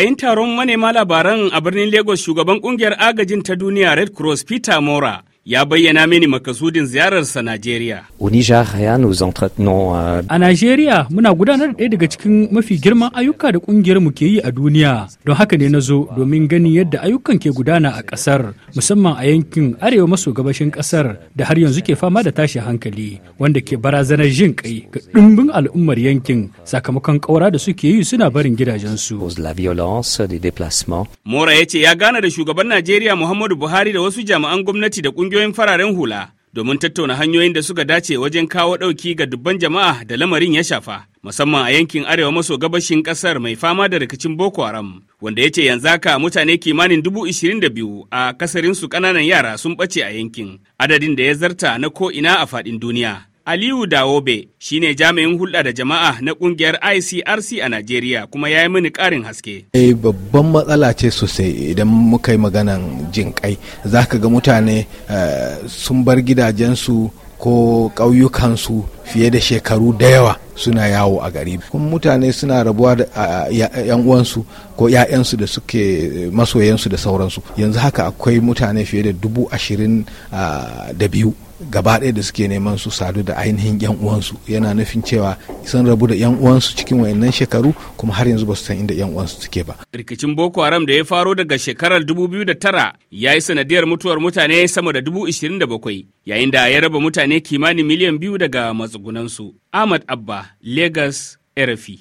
yayin taron manema labaran a birnin lagos shugaban kungiyar agajin ta duniya red cross peter mora ya bayyana mini makasudin ziyararsa Najeriya. Euh, a Najeriya muna gudanar da ɗaya daga cikin mafi girman ayyuka da ƙungiyar mu ke yi a duniya. Don haka ne na zo domin ganin yadda ayyukan ke gudana a ƙasar, musamman a yankin arewa maso gabashin ƙasar da har yanzu ke fama da tashin hankali, wanda ke barazanar jin kai ga ɗimbin al'ummar yankin sakamakon ƙaura da suke yi suna barin gidajensu. Mora ya ce ya gana da shugaban Najeriya Muhammadu Buhari da wasu jami'an gwamnati da ƙungiyoyi ƙungiyoyin fararen hula domin tattauna hanyoyin da suka dace wajen kawo ɗauki ga dubban jama'a da lamarin ya shafa musamman a yankin arewa maso gabashin ƙasar mai fama da rikicin boko haram wanda ya ce yanzu haka mutane kimanin dubu ishirin da biyu a kasarinsu ƙananan yara sun ɓace a yankin adadin da ya zarta na ko ina a faɗin duniya Aliyu Dawobe shi ne jami'in hulɗa da jama'a na ƙungiyar ICRC a Najeriya kuma ya yi mini ƙarin haske. Eh babban matsala ce sosai idan muka yi maganan jin kai za ka ga mutane eh, sun bar gidajensu ko ƙauyukansu fiye da shekaru da yawa suna yawo a gari kuma mutane suna rabuwa da yan uwansu ko ‘ya'yansu da suke eh, masoyansu da sauransu yanzu haka akwai mutane fiye da dubu ashirin ah, da biyu gaba ɗaya da suke neman su sadu da ainihin yan uwansu yana nufin cewa sun rabu da yan uwansu cikin wayannan shekaru kuma har yanzu ba su san inda yan uwansu suke ba rikicin boko haram da ya faro daga shekarar 2009 ya yi sanadiyar mutuwar mutane sama da bakwai yayin da ya raba mutane kimanin miliyan biyu daga matsugunansu ahmad abba legas rfi